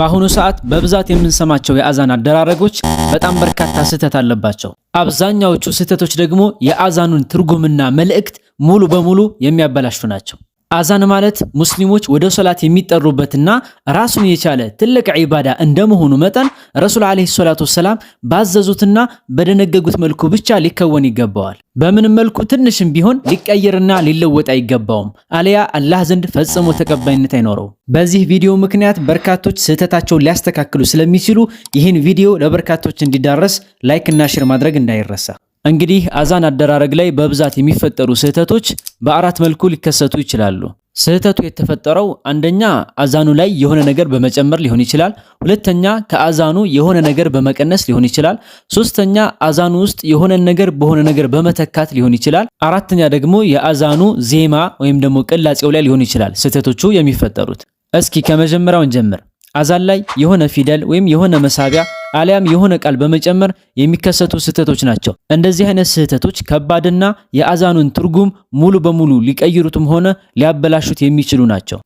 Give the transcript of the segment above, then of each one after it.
በአሁኑ ሰዓት በብዛት የምንሰማቸው የአዛን አደራረጎች በጣም በርካታ ስህተት አለባቸው። አብዛኛዎቹ ስህተቶች ደግሞ የአዛኑን ትርጉምና መልእክት ሙሉ በሙሉ የሚያበላሹ ናቸው። አዛን ማለት ሙስሊሞች ወደ ሶላት የሚጠሩበትና ራሱን የቻለ ትልቅ ዒባዳ እንደመሆኑ መጠን ረሱል ዓለይሂ ሰላቱ ወሰላም ባዘዙትና በደነገጉት መልኩ ብቻ ሊከወን ይገባዋል። በምንም መልኩ ትንሽም ቢሆን ሊቀየርና ሊለወጥ አይገባውም። አለያ አላህ ዘንድ ፈጽሞ ተቀባይነት አይኖረው። በዚህ ቪዲዮ ምክንያት በርካቶች ስህተታቸውን ሊያስተካክሉ ስለሚችሉ ይህን ቪዲዮ ለበርካቶች እንዲዳረስ ላይክና ሽር ማድረግ እንዳይረሳ። እንግዲህ አዛን አደራረግ ላይ በብዛት የሚፈጠሩ ስህተቶች በአራት መልኩ ሊከሰቱ ይችላሉ። ስህተቱ የተፈጠረው አንደኛ አዛኑ ላይ የሆነ ነገር በመጨመር ሊሆን ይችላል። ሁለተኛ ከአዛኑ የሆነ ነገር በመቀነስ ሊሆን ይችላል። ሶስተኛ አዛኑ ውስጥ የሆነ ነገር በሆነ ነገር በመተካት ሊሆን ይችላል። አራተኛ ደግሞ የአዛኑ ዜማ ወይም ደግሞ ቅላጼው ላይ ሊሆን ይችላል ስህተቶቹ የሚፈጠሩት። እስኪ ከመጀመሪያውን ጀምር። አዛን ላይ የሆነ ፊደል ወይም የሆነ መሳቢያ አሊያም የሆነ ቃል በመጨመር የሚከሰቱ ስህተቶች ናቸው። እንደዚህ አይነት ስህተቶች ከባድና የአዛኑን ትርጉም ሙሉ በሙሉ ሊቀይሩትም ሆነ ሊያበላሹት የሚችሉ ናቸው።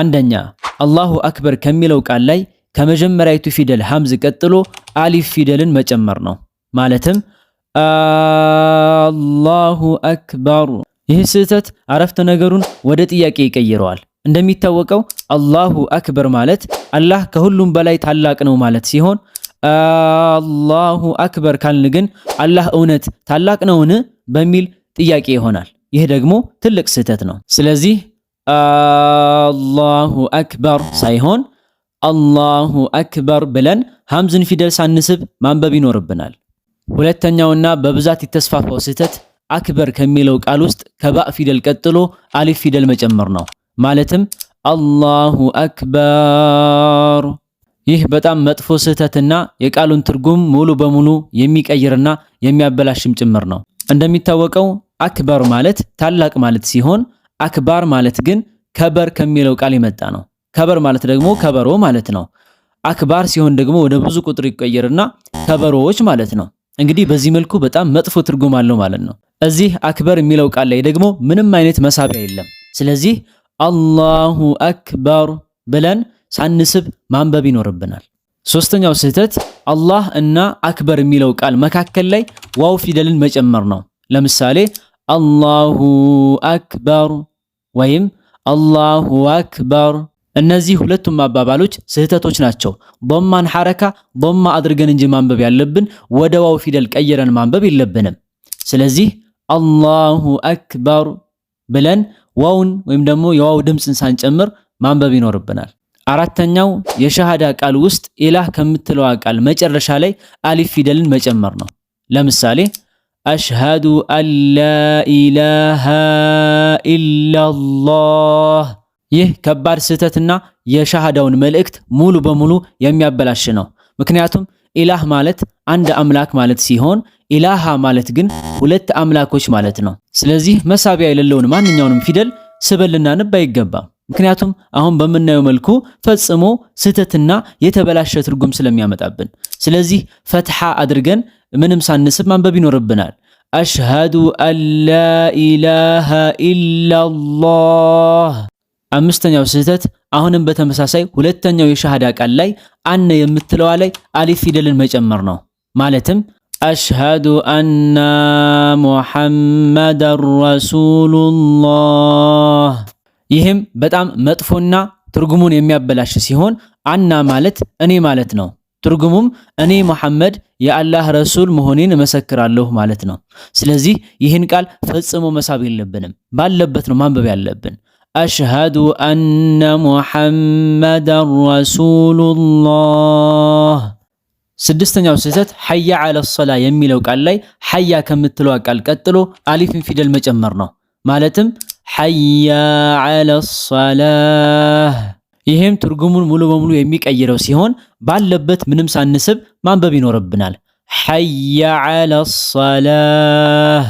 አንደኛ አላሁ አክበር ከሚለው ቃል ላይ ከመጀመሪያይቱ ፊደል ሐምዝ ቀጥሎ አሊፍ ፊደልን መጨመር ነው። ማለትም አላሁ አክበር። ይህ ስህተት አረፍተ ነገሩን ወደ ጥያቄ ይቀይረዋል። እንደሚታወቀው አላሁ አክበር ማለት አላህ ከሁሉም በላይ ታላቅ ነው ማለት ሲሆን አላሁ አክበር ካልን ግን አላህ እውነት ታላቅ ነውን በሚል ጥያቄ ይሆናል። ይህ ደግሞ ትልቅ ስህተት ነው። ስለዚህ አላሁ አክበር ሳይሆን አላሁ አክበር ብለን ሀምዝን ፊደል ሳንስብ ማንበብ ይኖርብናል። ሁለተኛውና በብዛት የተስፋፋው ስህተት አክበር ከሚለው ቃል ውስጥ ከባእ ፊደል ቀጥሎ አሊፍ ፊደል መጨመር ነው። ማለትም አላሁ አክበር ይህ በጣም መጥፎ ስህተትና የቃሉን ትርጉም ሙሉ በሙሉ የሚቀይርና የሚያበላሽም ጭምር ነው። እንደሚታወቀው አክበር ማለት ታላቅ ማለት ሲሆን አክባር ማለት ግን ከበር ከሚለው ቃል የመጣ ነው። ከበር ማለት ደግሞ ከበሮ ማለት ነው። አክባር ሲሆን ደግሞ ወደ ብዙ ቁጥር ይቀየርና ከበሮዎች ማለት ነው። እንግዲህ በዚህ መልኩ በጣም መጥፎ ትርጉም አለው ማለት ነው። እዚህ አክበር የሚለው ቃል ላይ ደግሞ ምንም አይነት መሳቢያ የለም። ስለዚህ አላሁ አክበር ብለን ሳንስብ ማንበብ ይኖርብናል። ሶስተኛው ስህተት አላህ እና አክበር የሚለው ቃል መካከል ላይ ዋው ፊደልን መጨመር ነው። ለምሳሌ አላሁ አክበር ወይም አላሁ አክበር። እነዚህ ሁለቱም አባባሎች ስህተቶች ናቸው። ቦማን ሐረካ ቦማ አድርገን እንጂ ማንበብ ያለብን ወደ ዋው ፊደል ቀይረን ማንበብ የለብንም። ስለዚህ አላሁ አክበር ብለን ዋውን ወይም ደግሞ የዋው ድምፅን ሳንጨምር ማንበብ ይኖርብናል። አራተኛው የሸሃዳ ቃል ውስጥ ኢላህ ከምትለዋ ቃል መጨረሻ ላይ አሊፍ ፊደልን መጨመር ነው። ለምሳሌ አሽሃዱ አላ ኢላሃ ኢላላህ። ይህ ከባድ ስህተትና የሸሃዳውን መልእክት ሙሉ በሙሉ የሚያበላሽ ነው። ምክንያቱም ኢላህ ማለት አንድ አምላክ ማለት ሲሆን ኢላሃ ማለት ግን ሁለት አምላኮች ማለት ነው። ስለዚህ መሳቢያ የሌለውን ማንኛውንም ፊደል ስበልና ንብ አይገባም። ምክንያቱም አሁን በምናየው መልኩ ፈጽሞ ስህተትና የተበላሸ ትርጉም ስለሚያመጣብን፣ ስለዚህ ፈትሓ አድርገን ምንም ሳንስብ ማንበብ ይኖርብናል። አሽሃዱ አላ ኢላሃ ኢላላህ። አምስተኛው ስህተት አሁንም በተመሳሳይ ሁለተኛው የሻሃዳ ቃል ላይ አነ የምትለዋ ላይ አሊፍ ፊደልን መጨመር ነው። ማለትም አሽሃዱ አና ሙሐመዳን ረሱሉላህ ይህም በጣም መጥፎና ትርጉሙን የሚያበላሽ ሲሆን አና ማለት እኔ ማለት ነው። ትርጉሙም እኔ መሐመድ የአላህ ረሱል መሆኔን እመሰክራለሁ ማለት ነው። ስለዚህ ይህን ቃል ፈጽሞ መሳብ የለብንም፣ ባለበት ነው ማንበብ ያለብን። አሽሃዱ አነ ሙሐመደን ረሱሉላህ። ስድስተኛው ስህተት ሐያ ዐለ ሶላ የሚለው ቃል ላይ ሐያ ከምትለዋ ቃል ቀጥሎ አሊፍን ፊደል መጨመር ነው ማለትም ሐያ ዐለ ሰላህ ይህም ትርጉሙን ሙሉ በሙሉ የሚቀይረው ሲሆን ባለበት ምንም ሳንስብ ማንበብ ይኖርብናል። ሐያ ዐለ ሰላህ።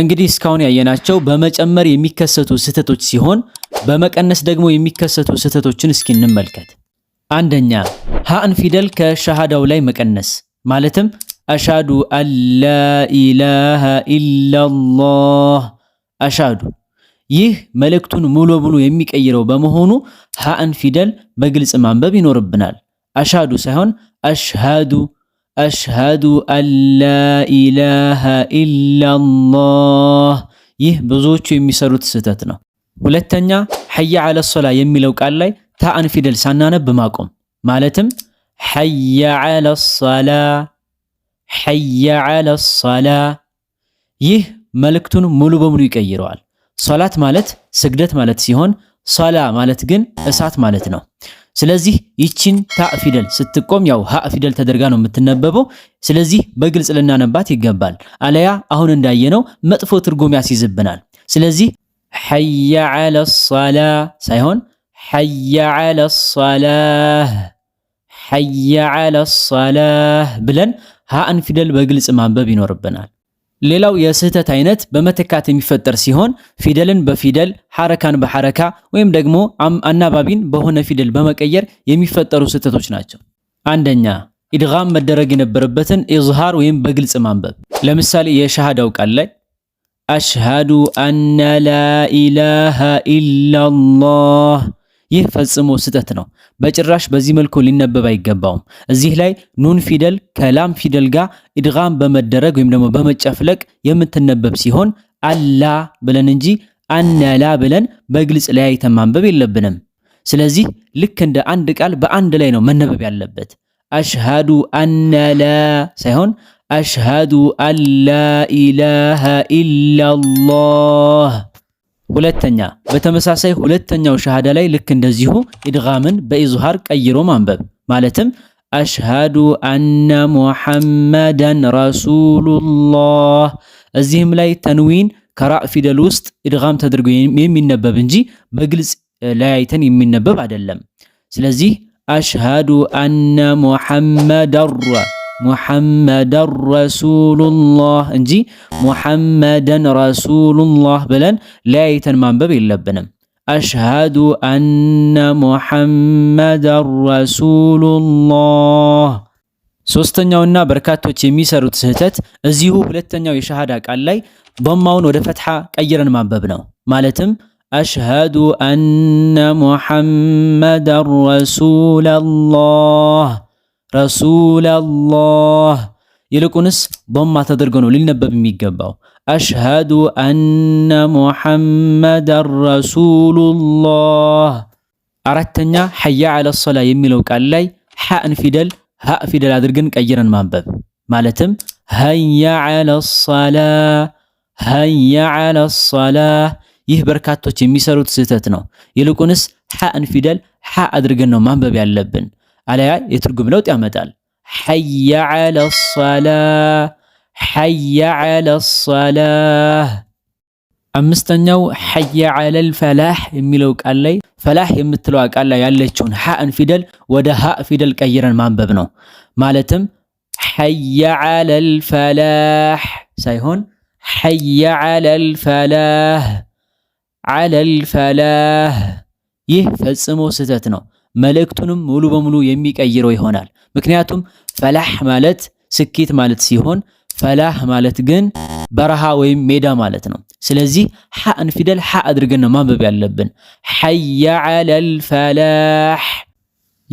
እንግዲህ እስካሁን ያየናቸው በመጨመር የሚከሰቱ ስህተቶች ሲሆን በመቀነስ ደግሞ የሚከሰቱ ስህተቶችን እስኪ እንመልከት። አንደኛ ሀእን ፊደል ከሸሃዳው ላይ መቀነስ ማለትም አሻዱ አላ ኢላሃ ኢላላህ አሻዱ ይህ መልእክቱን ሙሉ በሙሉ የሚቀይረው በመሆኑ ሀአን ፊደል በግልጽ ማንበብ ይኖርብናል። አሻዱ ሳይሆን አሽሃዱ አሽሃዱ አላ ኢላሃ ኢላላህ። ይህ ብዙዎቹ የሚሰሩት ስህተት ነው። ሁለተኛ ሐያ አለ ሶላ የሚለው ቃል ላይ ታአን ፊደል ሳናነብ ማቆም ማለትም ሐያ አለ ሶላ ሐያ አለ ሶላ። ይህ መልእክቱን ሙሉ በሙሉ ይቀይረዋል። ሶላት ማለት ስግደት ማለት ሲሆን ሶላ ማለት ግን እሳት ማለት ነው። ስለዚህ ይችን ታ ፊደል ስትቆም ያው ሀ ፊደል ተደርጋ ነው የምትነበበው። ስለዚህ በግልጽ ልናነባት ይገባል። አለያ አሁን እንዳየነው መጥፎ ትርጉም ያስይዝብናል። ስለዚህ ሐያ ዐለ ሶላ ሳይሆን ሐያ ዐለ ሶላህ ሐያ ዐለ ሶላህ ብለን ሀአን ፊደል በግልጽ ማንበብ ይኖርብናል። ሌላው የስህተት አይነት በመተካት የሚፈጠር ሲሆን ፊደልን በፊደል ሐረካን በሐረካ ወይም ደግሞ አናባቢን በሆነ ፊደል በመቀየር የሚፈጠሩ ስህተቶች ናቸው። አንደኛ ኢድጋም መደረግ የነበረበትን ኢዝሃር ወይም በግልጽ ማንበብ። ለምሳሌ የሸሃዳው ቃል ላይ አሽሃዱ አነ ላኢላሃ ኢላላህ ይህ ፈጽሞ ስህተት ነው። በጭራሽ በዚህ መልኩ ሊነበብ አይገባውም። እዚህ ላይ ኑን ፊደል ከላም ፊደል ጋር ኢድጋም በመደረግ ወይም ደግሞ በመጨፍለቅ የምትነበብ ሲሆን አላ ብለን እንጂ አናላ ብለን በግልጽ ላይ አይተን ማንበብ የለብንም። ስለዚህ ልክ እንደ አንድ ቃል በአንድ ላይ ነው መነበብ ያለበት። አሽሃዱ አናላ ሳይሆን አሽሃዱ አላ ኢላሃ ኢላላህ ሁለተኛ በተመሳሳይ ሁለተኛው ሸሃዳ ላይ ልክ እንደዚሁ ኢድጋምን በኢዝሃር ቀይሮ ማንበብ ማለትም አሽሃዱ አነ ሙሐመደን ረሱሉላህ። እዚህም ላይ ተንዊን ከራእ ፊደል ውስጥ ኢድጋም ተደርጎ የሚነበብ እንጂ በግልጽ ለያይተን የሚነበብ አይደለም። ስለዚህ አሽሃዱ አነ ሙሐመደን ሙሐመደን ረሱሉላህ እንጂ ሙሐመደን ረሱሉላህ ብለን ለያይተን ማንበብ የለብንም። አሽሃዱ አነ ሙሐመደን ረሱሉላህ። ሶስተኛውና በርካቶች የሚሰሩት ስህተት እዚሁ ሁለተኛው የሸሃዳ ቃል ላይ በማውን ወደ ፈትሓ ቀይረን ማንበብ ነው። ማለትም አሽሃዱ አነ ሙሐመደን ረሱሉላህ ረሱለላህ ይልቁንስ ቦማ ተደርጎ ነው ሊነበብ የሚገባው። አሽሃዱ አነ ሙሐመዳን ረሱሉላህ። አራተኛ ሐያ አለ ሶላ የሚለው ቃል ላይ ሐእን ፊደል ሀ ፊደል አድርገን ቀይረን ማንበብ ማለትም ሀያ አለ ሶላ፣ ሀያ አለ ሶላ። ይህ በርካቶች የሚሰሩት ስህተት ነው። ይልቁንስ ሐእን ፊደል ሐ አድርገን ነው ማንበብ ያለብን። አለያ የትርጉም ለውጥ ያመጣል። ሐያ ዐለ ሶላ ሐያ ዐለ ሶላ። አምስተኛው ሐያ ዐለል ፈላህ የሚለው ቃል ላይ ፈላህ የምትለው ቃል ላይ ያለችውን ሐእን ፊደል ወደ ሀ ፊደል ቀይረን ማንበብ ነው። ማለትም ሐያ ዐለል ፈላህ ሳይሆን ሐያ ዐለል ፈላህ ዐለል ፈላህ። ይህ ፈጽሞ ስህተት ነው። መልእክቱንም ሙሉ በሙሉ የሚቀይረው ይሆናል። ምክንያቱም ፈላህ ማለት ስኬት ማለት ሲሆን ፈላህ ማለት ግን በረሃ ወይም ሜዳ ማለት ነው። ስለዚህ ሐእን ፊደል ሐ አድርገን ማንበብ ያለብን ሐያ ዐለል ፈላህ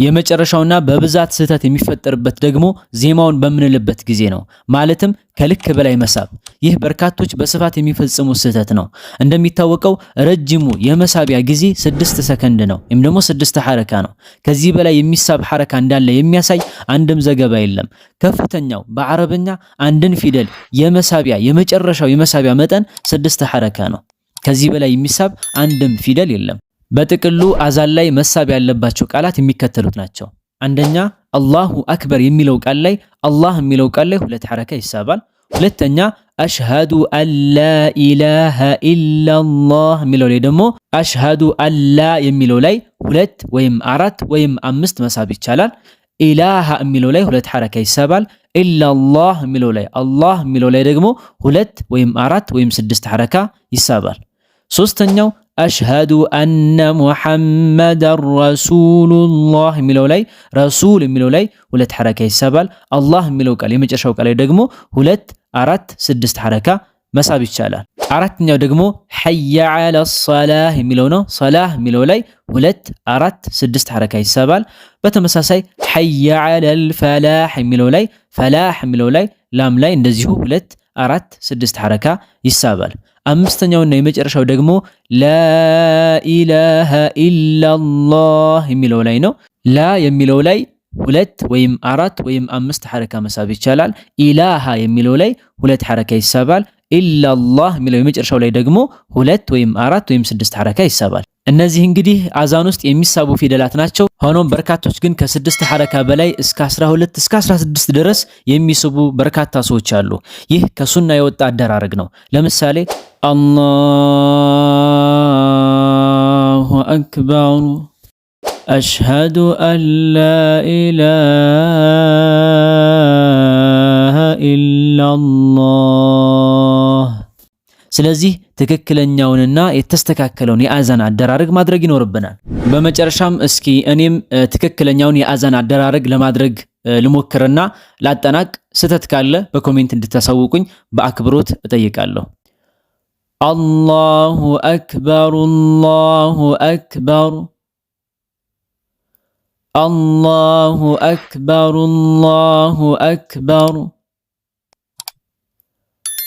የመጨረሻውና በብዛት ስህተት የሚፈጠርበት ደግሞ ዜማውን በምንልበት ጊዜ ነው። ማለትም ከልክ በላይ መሳብ። ይህ በርካቶች በስፋት የሚፈጽሙ ስህተት ነው። እንደሚታወቀው ረጅሙ የመሳቢያ ጊዜ ስድስት ሰከንድ ነው ወይም ደግሞ ስድስት ሐረካ ነው። ከዚህ በላይ የሚሳብ ሐረካ እንዳለ የሚያሳይ አንድም ዘገባ የለም። ከፍተኛው በአረብኛ አንድን ፊደል የመሳቢያ የመጨረሻው የመሳቢያ መጠን ስድስት ሐረካ ነው። ከዚህ በላይ የሚሳብ አንድም ፊደል የለም። በጥቅሉ አዛን ላይ መሳብ ያለባቸው ቃላት የሚከተሉት ናቸው። አንደኛ አላሁ አክበር የሚለው ቃል ላይ አላህ የሚለው ቃል ላይ ሁለት ሐረካ ይሳባል። ሁለተኛ አሽሃዱ አላ ኢላሃ ኢላላህ የሚለው ላይ ደግሞ አሽሃዱ አላ የሚለው ላይ ሁለት ወይም አራት ወይም አምስት መሳብ ይቻላል። ኢላሃ የሚለው ላይ ሁለት ሐረካ ይሳባል። ኢላላህ የሚለው ላይ አላህ የሚለው ላይ ደግሞ ሁለት ወይም አራት ወይም ስድስት ሐረካ ይሳባል። ሶስተኛው አሽሃዱ አነ ሙሐመደን ረሱሉላህ የሚለው ላይ ረሱል የሚለው ላይ ሁለት ሐረካ ይሳባል። አላህ የሚለው ቃል የመጨረሻው ቃል ላይ ደግሞ ሁለት፣ አራት፣ ስድስት ሐረካ መሳብ ይቻላል። አራተኛው ደግሞ ሐየ ዐለ ሰላህ የሚለው ነው። ሰላህ የሚለው ላይ ሁለት፣ አራት፣ ስድስት ሐረካ ይሳባል። በተመሳሳይ ሐየ ዐለል ፈላህ የሚለው ላይ ፈላህ የሚለው ላይ ላም ላይ እንደዚሁ ሁለት፣ አራት፣ ስድስት ሐረካ ይሳባል። አምስተኛውና የመጨረሻው ደግሞ ላኢላሃ ኢላላህ የሚለው ላይ ነው። ላ የሚለው ላይ ሁለት ወይም አራት ወይም አምስት ሐረካ መሳብ ይቻላል። ኢላሀ የሚለው ላይ ሁለት ሐረካ ይሳባል። ኢላላህ የሚለው የመጨረሻው ላይ ደግሞ ሁለት ወይም አራት ወይም ስድስት ሐረካ ይሳባል። እነዚህ እንግዲህ አዛን ውስጥ የሚሳቡ ፊደላት ናቸው። ሆኖም በርካቶች ግን ከስድስት ሐረካ በላይ እስከ 12 እስከ 16 ድረስ የሚስቡ በርካታ ሰዎች አሉ። ይህ ከሱና የወጣ አደራረግ ነው። ለምሳሌ አላሁ አክባሩ፣ አሽሃዱ አላ ኢላሃ ኢላላህ ስለዚህ ትክክለኛውንና የተስተካከለውን የአዛን አደራረግ ማድረግ ይኖርብናል። በመጨረሻም እስኪ እኔም ትክክለኛውን የአዛን አደራረግ ለማድረግ ልሞክርና ላጠናቅ። ስህተት ካለ በኮሜንት እንድታሳውቁኝ በአክብሮት እጠይቃለሁ። አላሁ አክበር፣ አላሁ አክበር፣ አላሁ አክበር፣ አላሁ አክበር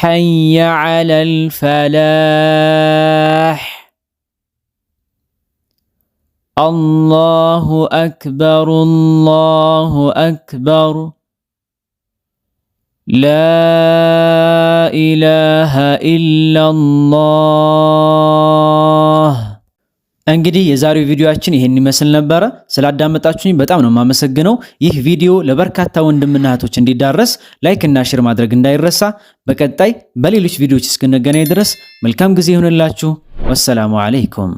حي على الفلاح الله اكبر الله اكبر لا اله الا الله እንግዲህ የዛሬው ቪዲዮአችን ይሄን ይመስል ነበረ። ስላዳመጣችሁኝ በጣም ነው የማመሰግነው። ይህ ቪዲዮ ለበርካታ ወንድምና እህቶች እንዲዳረስ ላይክ እና ሼር ማድረግ እንዳይረሳ። በቀጣይ በሌሎች ቪዲዮዎች እስክንገናኝ ድረስ መልካም ጊዜ ይሁንላችሁ። ወሰላሙ አለይኩም